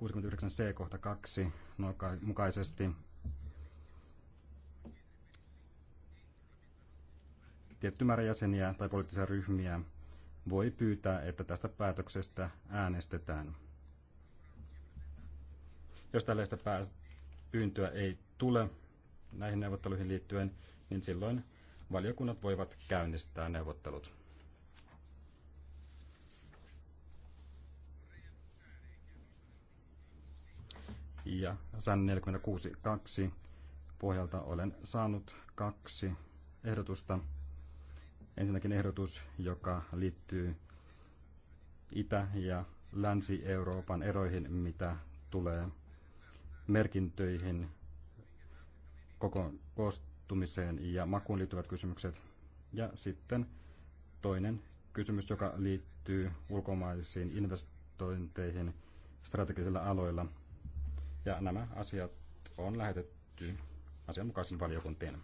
69c kohta 2 mukaisesti tietty määrä jäseniä tai poliittisia ryhmiä voi pyytää, että tästä päätöksestä äänestetään. Jos tällaista pyyntöä ei tule näihin neuvotteluihin liittyen, niin silloin valiokunnat voivat käynnistää neuvottelut. ja SAN 46.2 pohjalta olen saanut kaksi ehdotusta. Ensinnäkin ehdotus, joka liittyy Itä- ja Länsi-Euroopan eroihin, mitä tulee merkintöihin, koko koostumiseen ja makuun liittyvät kysymykset. Ja sitten toinen kysymys, joka liittyy ulkomaisiin investointeihin strategisilla aloilla ja nämä asiat on lähetetty asianmukaisen valiokuntien